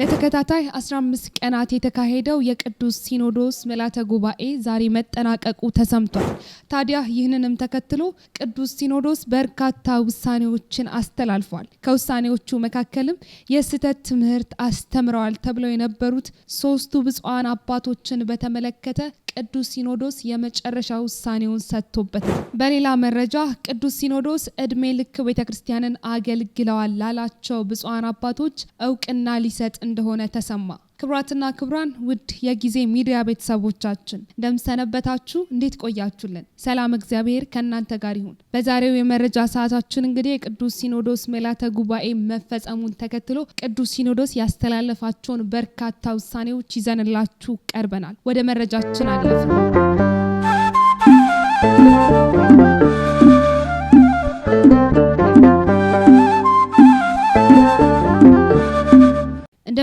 ለተከታታይ 15 ቀናት የተካሄደው የቅዱስ ሲኖዶስ ምልዓተ ጉባኤ ዛሬ መጠናቀቁ ተሰምቷል። ታዲያ ይህንንም ተከትሎ ቅዱስ ሲኖዶስ በርካታ ውሳኔዎችን አስተላልፏል። ከውሳኔዎቹ መካከልም የስህተት ትምህርት አስተምረዋል ተብለው የነበሩት ሶስቱ ብፁዓን አባቶችን በተመለከተ ቅዱስ ሲኖዶስ የመጨረሻ ውሳኔውን ሰጥቶበታል። በሌላ መረጃ ቅዱስ ሲኖዶስ እድሜ ልክ ቤተ ክርስቲያንን አገልግለዋል ላላቸው ብፁዓን አባቶች እውቅና ሊሰጥ እንደሆነ ተሰማ። ክብራትና ክብራን ውድ የጊዜ ሚዲያ ቤተሰቦቻችን እንደምሰነበታችሁ፣ እንዴት ቆያችሁልን? ሰላም እግዚአብሔር ከእናንተ ጋር ይሁን። በዛሬው የመረጃ ሰዓታችን እንግዲህ የቅዱስ ሲኖዶስ ምልዓተ ጉባኤ መፈጸሙን ተከትሎ ቅዱስ ሲኖዶስ ያስተላለፋቸውን በርካታ ውሳኔዎች ይዘንላችሁ ቀርበናል። ወደ መረጃችን አለፍን።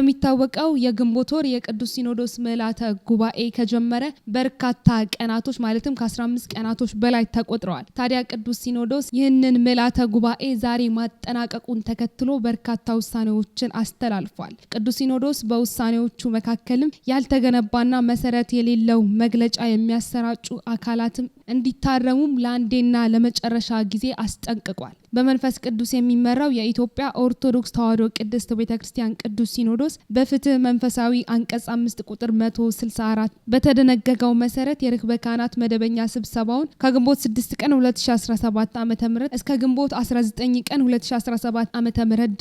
እንደሚታወቀው የግንቦት ወር የቅዱስ ሲኖዶስ ምልዓተ ጉባኤ ከጀመረ በርካታ ቀናቶች ማለትም ከ15 ቀናቶች በላይ ተቆጥረዋል። ታዲያ ቅዱስ ሲኖዶስ ይህንን ምልዓተ ጉባኤ ዛሬ ማጠናቀቁን ተከትሎ በርካታ ውሳኔዎችን አስተላልፏል። ቅዱስ ሲኖዶስ በውሳኔዎቹ መካከልም ያልተገነባና መሰረት የሌለው መግለጫ የሚያሰራጩ አካላትም እንዲታረሙም ለአንዴና ለመጨረሻ ጊዜ አስጠንቅቋል። በመንፈስ ቅዱስ የሚመራው የኢትዮጵያ ኦርቶዶክስ ተዋሕዶ ቅድስት ቤተ ክርስቲያን ቅዱስ ሲኖዶስ በፍትህ መንፈሳዊ አንቀጽ አምስት ቁጥር 164 በተደነገገው መሰረት የርክበ ካህናት መደበኛ ስብሰባውን ከግንቦት 6 ቀን 2017 ዓ ም እስከ ግንቦት 19 ቀን 2017 ዓ ም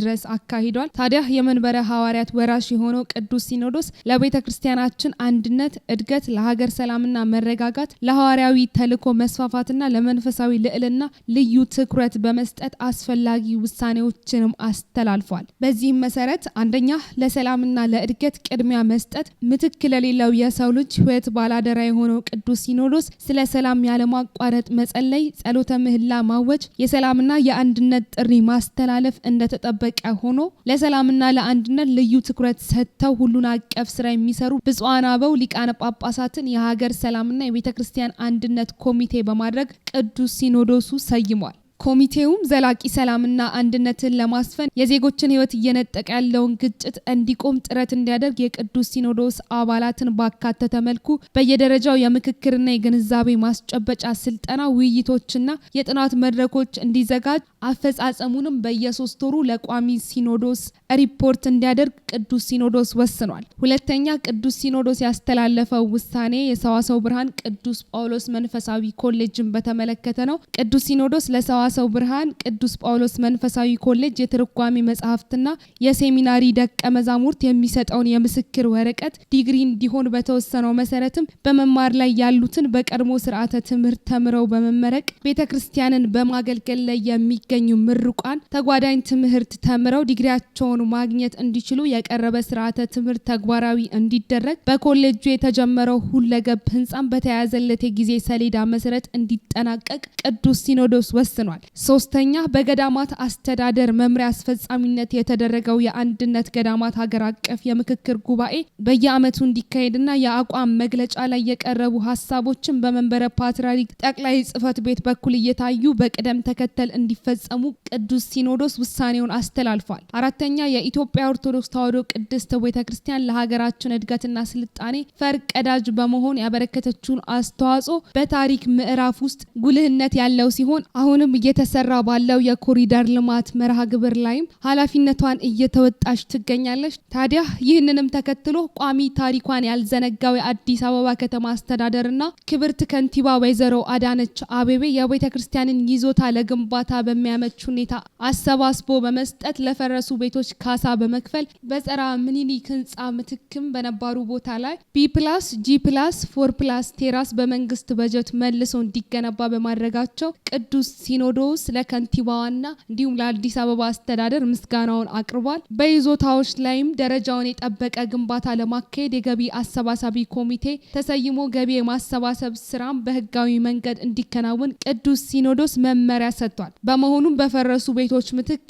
ድረስ አካሂዷል። ታዲያ የመንበረ ሐዋርያት ወራሽ የሆነው ቅዱስ ሲኖዶስ ለቤተ ክርስቲያናችን አንድነት፣ እድገት፣ ለሀገር ሰላምና መረጋጋት፣ ለሐዋርያዊ ተልዕኮ መስፋፋትና ለመንፈሳዊ ልዕልና ልዩ ትኩረት በመስጠት ለመስጠት አስፈላጊ ውሳኔዎችንም አስተላልፏል። በዚህም መሰረት አንደኛ ለሰላምና ለእድገት ቅድሚያ መስጠት። ምትክ ለሌለው የሰው ልጅ ህይወት ባላደራ የሆነው ቅዱስ ሲኖዶስ ስለ ሰላም ያለማቋረጥ መጸለይ፣ ጸሎተ ምህላ ማወጅ፣ የሰላምና የአንድነት ጥሪ ማስተላለፍ እንደተጠበቀ ሆኖ ለሰላምና ለአንድነት ልዩ ትኩረት ሰጥተው ሁሉን አቀፍ ስራ የሚሰሩ ብፁዓን አበው ሊቃነ ጳጳሳትን የሀገር ሰላምና የቤተ ክርስቲያን አንድነት ኮሚቴ በማድረግ ቅዱስ ሲኖዶሱ ሰይሟል። ኮሚቴውም ዘላቂ ሰላምና አንድነትን ለማስፈን የዜጎችን ሕይወት እየነጠቀ ያለውን ግጭት እንዲቆም ጥረት እንዲያደርግ የቅዱስ ሲኖዶስ አባላትን ባካተተ መልኩ በየደረጃው የምክክርና የግንዛቤ ማስጨበጫ ስልጠና፣ ውይይቶችና የጥናት መድረኮች እንዲዘጋጅ አፈጻጸሙንም በየሶስት ወሩ ለቋሚ ሲኖዶስ ሪፖርት እንዲያደርግ ቅዱስ ሲኖዶስ ወስኗል። ሁለተኛ ቅዱስ ሲኖዶስ ያስተላለፈው ውሳኔ የሰዋሰው ብርሃን ቅዱስ ጳውሎስ መንፈሳዊ ኮሌጅን በተመለከተ ነው። ቅዱስ ሲኖዶስ ለሰዋ ሰው ብርሃን ቅዱስ ጳውሎስ መንፈሳዊ ኮሌጅ የትርጓሜ መጽሐፍትና የሴሚናሪ ደቀ መዛሙርት የሚሰጠውን የምስክር ወረቀት ዲግሪ እንዲሆን በተወሰነው መሰረትም በመማር ላይ ያሉትን በቀድሞ ስርዓተ ትምህርት ተምረው በመመረቅ ቤተ ክርስቲያንን በማገልገል ላይ የሚገኙ ምርቋን ተጓዳኝ ትምህርት ተምረው ዲግሪያቸውን ማግኘት እንዲችሉ የቀረበ ስርዓተ ትምህርት ተግባራዊ እንዲደረግ በኮሌጁ የተጀመረው ሁለገብ ህንፃም በተያያዘለት የጊዜ ሰሌዳ መሰረት እንዲጠናቀቅ ቅዱስ ሲኖዶስ ወስኗል። ይገኛል። ሶስተኛ በገዳማት አስተዳደር መምሪያ አስፈጻሚነት የተደረገው የአንድነት ገዳማት ሀገር አቀፍ የምክክር ጉባኤ በየዓመቱ እንዲካሄድና የአቋም መግለጫ ላይ የቀረቡ ሀሳቦችን በመንበረ ፓትርያርክ ጠቅላይ ጽሕፈት ቤት በኩል እየታዩ በቅደም ተከተል እንዲፈጸሙ ቅዱስ ሲኖዶስ ውሳኔውን አስተላልፏል። አራተኛ የኢትዮጵያ ኦርቶዶክስ ተዋሕዶ ቅድስት ቤተ ክርስቲያን ለሀገራችን እድገትና ስልጣኔ ፈርቀዳጅ በመሆን ያበረከተችውን አስተዋጽኦ በታሪክ ምዕራፍ ውስጥ ጉልህነት ያለው ሲሆን አሁንም እየተሰራ ባለው የኮሪደር ልማት መርሃ ግብር ላይም ኃላፊነቷን እየተወጣች ትገኛለች። ታዲያ ይህንንም ተከትሎ ቋሚ ታሪኳን ያልዘነጋው የአዲስ አበባ ከተማ አስተዳደርና ክብርት ከንቲባ ወይዘሮ አዳነች አቤቤ የቤተ ክርስቲያንን ይዞታ ለግንባታ በሚያመች ሁኔታ አሰባስቦ በመስጠት ለፈረሱ ቤቶች ካሳ በመክፈል በጸራ ምኒሊክ ህንፃ ምትክም በነባሩ ቦታ ላይ ቢ ፕላስ ጂ ፕላስ ፎር ፕላስ ቴራስ በመንግስት በጀት መልሶ እንዲገነባ በማድረጋቸው ቅዱስ ሲኖዶ ጨምሮ ስለ ከንቲባዋና እንዲሁም ለአዲስ አበባ አስተዳደር ምስጋናውን አቅርቧል። በይዞታዎች ላይም ደረጃውን የጠበቀ ግንባታ ለማካሄድ የገቢ አሰባሳቢ ኮሚቴ ተሰይሞ ገቢ የማሰባሰብ ስራም በህጋዊ መንገድ እንዲከናወን ቅዱስ ሲኖዶስ መመሪያ ሰጥቷል። በመሆኑም በፈረሱ ቤቶች ምትክ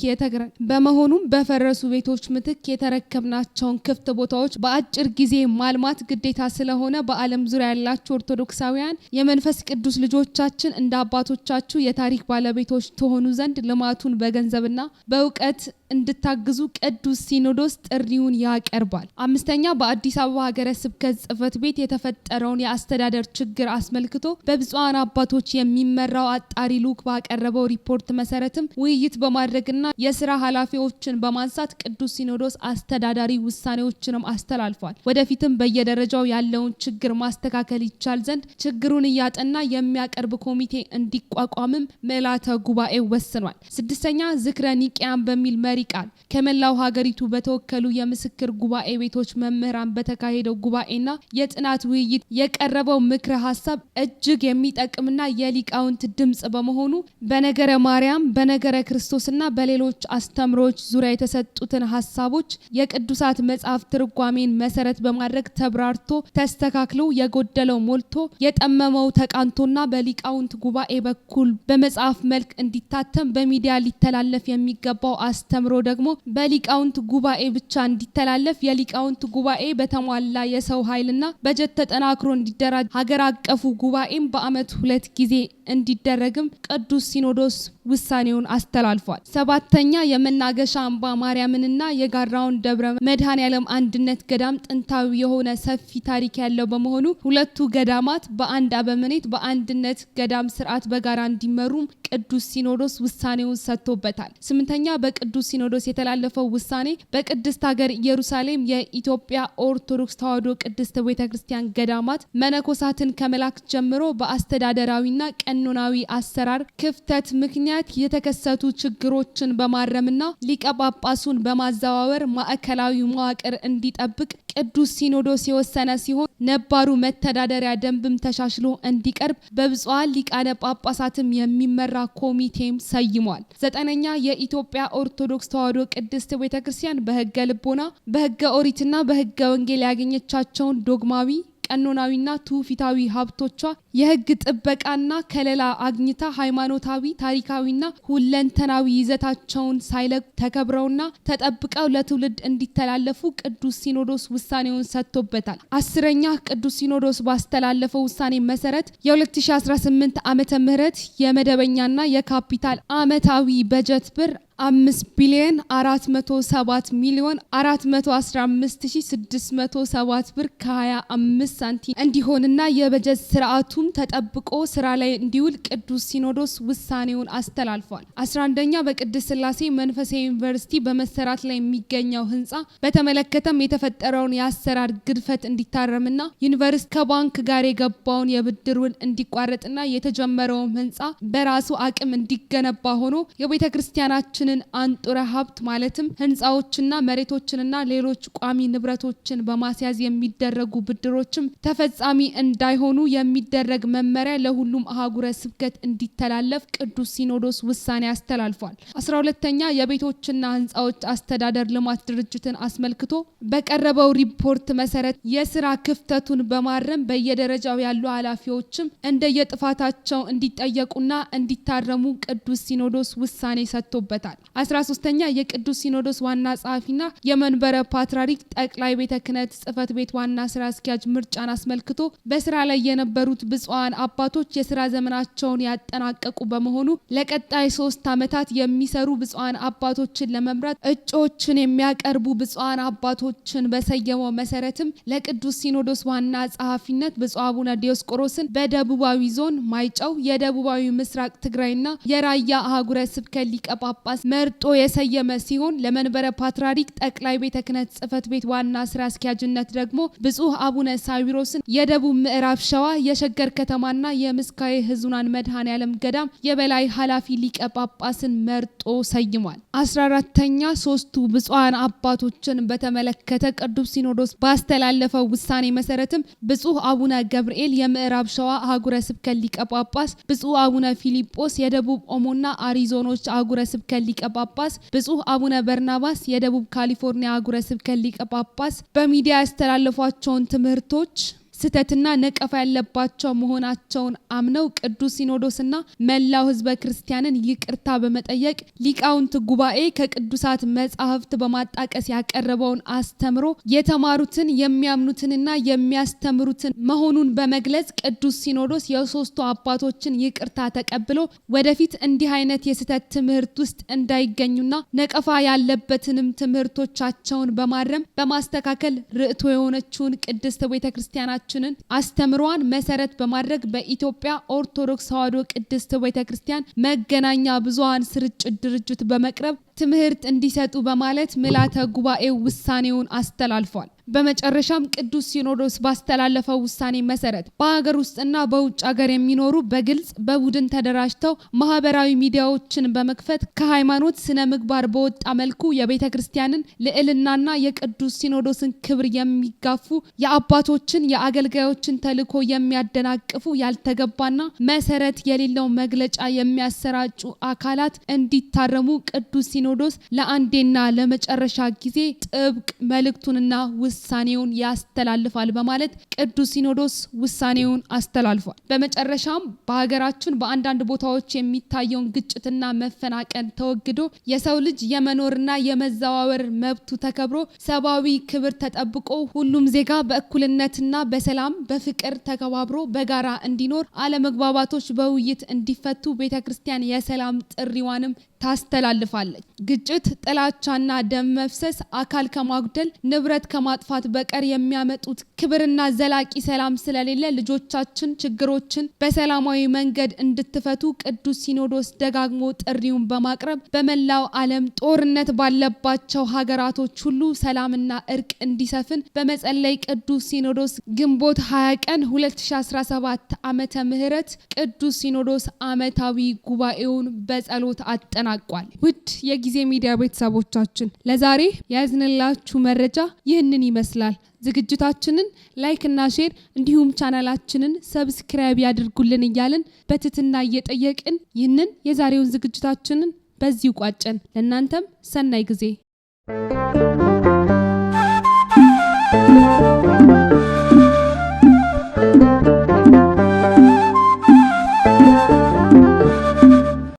በመሆኑም በፈረሱ ቤቶች ምትክ የተረከብናቸውን ክፍት ቦታዎች በአጭር ጊዜ ማልማት ግዴታ ስለሆነ በዓለም ዙሪያ ያላችሁ ኦርቶዶክሳውያን የመንፈስ ቅዱስ ልጆቻችን እንደ አባቶቻችሁ የታሪክ ባለቤት ባለቤቶች ትሆኑ ዘንድ ልማቱን በገንዘብና በእውቀት እንድታግዙ ቅዱስ ሲኖዶስ ጥሪውን ያቀርባል። አምስተኛ በአዲስ አበባ ሀገረ ስብከት ጽፈት ቤት የተፈጠረውን የአስተዳደር ችግር አስመልክቶ በብፁዓን አባቶች የሚመራው አጣሪ ልዑክ ባቀረበው ሪፖርት መሰረትም ውይይት በማድረግና የስራ ኃላፊዎችን በማንሳት ቅዱስ ሲኖዶስ አስተዳዳሪ ውሳኔዎችንም አስተላልፏል። ወደፊትም በየደረጃው ያለውን ችግር ማስተካከል ይቻል ዘንድ ችግሩን እያጠና የሚያቀርብ ኮሚቴ እንዲቋቋምም ምልዓተ ጉባኤ ወስኗል። ስድስተኛ ዝክረ ኒቅያን በሚል መሪ መሪ ቃል ከመላው ሀገሪቱ በተወከሉ የምስክር ጉባኤ ቤቶች መምህራን በተካሄደው ጉባኤና የጥናት ውይይት የቀረበው ምክረ ሀሳብ እጅግ የሚጠቅምና የሊቃውንት ድምጽ በመሆኑ በነገረ ማርያም፣ በነገረ ክርስቶስና በሌሎች አስተምሮች ዙሪያ የተሰጡትን ሀሳቦች የቅዱሳት መጽሐፍ ትርጓሜን መሰረት በማድረግ ተብራርቶ ተስተካክሎ የጎደለው ሞልቶ የጠመመው ተቃንቶና በሊቃውንት ጉባኤ በኩል በመጽሐፍ መልክ እንዲታተም በሚዲያ ሊተላለፍ የሚገባው አስተምሮ ጀምሮ ደግሞ በሊቃውንት ጉባኤ ብቻ እንዲተላለፍ የሊቃውንት ጉባኤ በተሟላ የሰው ኃይልና በጀት ተጠናክሮ እንዲደራጅ ሀገር አቀፉ ጉባኤም በአመት ሁለት ጊዜ እንዲደረግም ቅዱስ ሲኖዶስ ውሳኔውን አስተላልፏል። ሰባተኛ የመናገሻ አምባ ማርያምንና የጋራውን ደብረ መድሃን ዓለም አንድነት ገዳም ጥንታዊ የሆነ ሰፊ ታሪክ ያለው በመሆኑ ሁለቱ ገዳማት በአንድ አበምኔት በአንድነት ገዳም ስርዓት በጋራ እንዲመሩም ቅዱስ ሲኖዶስ ውሳኔውን ሰጥቶበታል። ስምንተኛ በቅዱስ ሲኖዶስ የተላለፈው ውሳኔ በቅድስት ሀገር ኢየሩሳሌም የኢትዮጵያ ኦርቶዶክስ ተዋሕዶ ቅድስት ቤተ ክርስቲያን ገዳማት መነኮሳትን ከመላክ ጀምሮ በአስተዳደራዊና ቀን በቀኖናዊ አሰራር ክፍተት ምክንያት የተከሰቱ ችግሮችን በማረምና ሊቀ ጳጳሱን በማዘዋወር ማዕከላዊ መዋቅር እንዲጠብቅ ቅዱስ ሲኖዶስ የወሰነ ሲሆን ነባሩ መተዳደሪያ ደንብም ተሻሽሎ እንዲቀርብ በብፁዓን ሊቃነ ጳጳሳትም የሚመራ ኮሚቴም ሰይሟል። ዘጠነኛ የኢትዮጵያ ኦርቶዶክስ ተዋሕዶ ቅድስት ቤተ ክርስቲያን በሕገ ልቦና በሕገ ኦሪትና በሕገ ወንጌል ያገኘቻቸውን ዶግማዊ ቀኖናዊና ትውፊታዊ ሀብቶቿ የህግ ጥበቃና ከለላ አግኝታ ሃይማኖታዊ፣ ታሪካዊና ሁለንተናዊ ይዘታቸውን ሳይለቅ ተከብረውና ተጠብቀው ለትውልድ እንዲተላለፉ ቅዱስ ሲኖዶስ ውሳኔውን ሰጥቶበታል። አስረኛ ቅዱስ ሲኖዶስ ባስተላለፈው ውሳኔ መሰረት የ2018 ዓመተ ምህረት የመደበኛና የካፒታል አመታዊ በጀት ብር አምስት ቢሊዮን አራት መቶ ሰባት ሚሊዮን አራት መቶ አስራ አምስት ሺ ስድስት መቶ ሰባት ብር ከሀያ አምስት ሳንቲም እንዲሆንና የበጀት ስርዓቱም ተጠብቆ ስራ ላይ እንዲውል ቅዱስ ሲኖዶስ ውሳኔውን አስተላልፏል። አስራ አንደኛ በቅድስት ስላሴ መንፈሳዊ ዩኒቨርሲቲ በመሰራት ላይ የሚገኘው ህንፃ በተመለከተም የተፈጠረውን የአሰራር ግድፈት እንዲታረምና ዩኒቨርሲቲ ከባንክ ጋር የገባውን የብድር ውል እንዲቋረጥና የተጀመረውም ህንፃ በራሱ አቅም እንዲገነባ ሆኖ የቤተ ክርስቲያናችን ይህንን አንጡረ ሀብት ማለትም ህንፃዎችና መሬቶችንና ሌሎች ቋሚ ንብረቶችን በማስያዝ የሚደረጉ ብድሮችም ተፈጻሚ እንዳይሆኑ የሚደረግ መመሪያ ለሁሉም አህጉረ ስብከት እንዲተላለፍ ቅዱስ ሲኖዶስ ውሳኔ አስተላልፏል። አስራ ሁለተኛ የቤቶችና ህንፃዎች አስተዳደር ልማት ድርጅትን አስመልክቶ በቀረበው ሪፖርት መሰረት የስራ ክፍተቱን በማረም በየደረጃው ያሉ ኃላፊዎችም እንደየጥፋታቸው እንዲጠየቁና እንዲታረሙ ቅዱስ ሲኖዶስ ውሳኔ ሰጥቶበታል። አስራ ሶስተኛ የቅዱስ ሲኖዶስ ዋና ጸሐፊና የመንበረ ፓትርያርክ ጠቅላይ ቤተ ክህነት ጽሕፈት ቤት ዋና ስራ አስኪያጅ ምርጫን አስመልክቶ በስራ ላይ የነበሩት ብፁዓን አባቶች የስራ ዘመናቸውን ያጠናቀቁ በመሆኑ ለቀጣይ ሶስት ዓመታት የሚሰሩ ብፁዓን አባቶችን ለመምራት እጩዎችን የሚያቀርቡ ብፁዓን አባቶችን በሰየመው መሰረትም ለቅዱስ ሲኖዶስ ዋና ጸሐፊነት ብፁዕ አቡነ ዲዮስቆሮስን በደቡባዊ ዞን ማይጨው የደቡባዊ ምስራቅ ትግራይና የራያ አህጉረ ስብከት ሊቀ ጳጳስ መርጦ የሰየመ ሲሆን ለመንበረ ፓትርያርክ ጠቅላይ ቤተ ክህነት ጽሕፈት ቤት ዋና ስራ አስኪያጅነት ደግሞ ብጹህ አቡነ ሳዊሮስን የደቡብ ምዕራብ ሸዋ የሸገር ከተማና የምስካየ ሕዙናን መድኃኔ ዓለም ገዳም የበላይ ኃላፊ ሊቀ ጳጳስን መርጦ ሰይሟል። አስራ አራተኛ ሶስቱ ብፁዓን አባቶችን በተመለከተ ቅዱስ ሲኖዶስ ባስተላለፈው ውሳኔ መሰረትም ብጹህ አቡነ ገብርኤል የምዕራብ ሸዋ አህጉረ ስብከት ሊቀ ጳጳስ፣ ብጹህ አቡነ ፊሊጶስ የደቡብ ኦሞና አሪዞኖች አህጉረ ስብከት ሊቀ ጳጳስ፣ ብጹህ አቡነ በርናባስ የደቡብ ካሊፎርኒያ አጉረ ስብከት ሊቀ ጳጳስ በሚዲያ ያስተላለፏቸውን ትምህርቶች ስህተትና ነቀፋ ያለባቸው መሆናቸውን አምነው ቅዱስ ሲኖዶስና መላው ህዝበ ክርስቲያንን ይቅርታ በመጠየቅ ሊቃውንት ጉባኤ ከቅዱሳት መጻሕፍት በማጣቀስ ያቀረበውን አስተምሮ የተማሩትን የሚያምኑትንና የሚያስተምሩትን መሆኑን በመግለጽ ቅዱስ ሲኖዶስ የሶስቱ አባቶችን ይቅርታ ተቀብሎ ወደፊት እንዲህ አይነት የስህተት ትምህርት ውስጥ እንዳይገኙና ነቀፋ ያለበትንም ትምህርቶቻቸውን በማረም በማስተካከል ርዕቶ የሆነችውን ቅድስት ቤተ ክርስቲያናቸው የእመቤታችንን አስተምሯን መሰረት በማድረግ በኢትዮጵያ ኦርቶዶክስ ተዋሕዶ ቅድስት ቤተ ክርስቲያን መገናኛ ብዙኃን ስርጭት ድርጅት በመቅረብ ትምህርት እንዲሰጡ በማለት ምልዓተ ጉባኤው ውሳኔውን አስተላልፏል። በመጨረሻም ቅዱስ ሲኖዶስ ባስተላለፈው ውሳኔ መሰረት በሀገር ውስጥና በውጭ ሀገር የሚኖሩ በግልጽ በቡድን ተደራጅተው ማህበራዊ ሚዲያዎችን በመክፈት ከሃይማኖት ስነ ምግባር በወጣ መልኩ የቤተ ክርስቲያንን ልዕልናና የቅዱስ ሲኖዶስን ክብር የሚጋፉ የአባቶችን የአገልጋዮችን ተልዕኮ የሚያደናቅፉ ያልተገባና መሰረት የሌለው መግለጫ የሚያሰራጩ አካላት እንዲታረሙ ቅዱስ ሲኖዶስ ለአንዴና ለመጨረሻ ጊዜ ጥብቅ መልእክቱንና ውስ ውሳኔውን ያስተላልፋል በማለት ቅዱስ ሲኖዶስ ውሳኔውን አስተላልፏል። በመጨረሻም በሀገራችን በአንዳንድ ቦታዎች የሚታየውን ግጭትና መፈናቀል ተወግዶ የሰው ልጅ የመኖርና የመዘዋወር መብቱ ተከብሮ ሰብአዊ ክብር ተጠብቆ ሁሉም ዜጋ በእኩልነትና በሰላም በፍቅር ተከባብሮ በጋራ እንዲኖር አለመግባባቶች በውይይት እንዲፈቱ ቤተ ክርስቲያን የሰላም ጥሪዋንም ታስተላልፋለች። ግጭት፣ ጥላቻና ደም መፍሰስ አካል ከማጉደል ንብረት ከማጥፋት በቀር የሚያመጡት ክብርና ዘላቂ ሰላም ስለሌለ ልጆቻችን ችግሮችን በሰላማዊ መንገድ እንድትፈቱ ቅዱስ ሲኖዶስ ደጋግሞ ጥሪውን በማቅረብ በመላው ዓለም ጦርነት ባለባቸው ሀገራቶች ሁሉ ሰላምና እርቅ እንዲሰፍን በመጸለይ ቅዱስ ሲኖዶስ ግንቦት 20 ቀን 2017 ዓመተ ምህረት ቅዱስ ሲኖዶስ ዓመታዊ ጉባኤውን በጸሎት አጠና ተጠናቋል። ውድ የጊዜ ሚዲያ ቤተሰቦቻችን ለዛሬ ያዝንላችሁ መረጃ ይህንን ይመስላል። ዝግጅታችንን ላይክ እና ሼር እንዲሁም ቻናላችንን ሰብስክራይብ ያድርጉልን እያልን በትትና እየጠየቅን ይህንን የዛሬውን ዝግጅታችንን በዚህ ቋጨን። ለእናንተም ሰናይ ጊዜ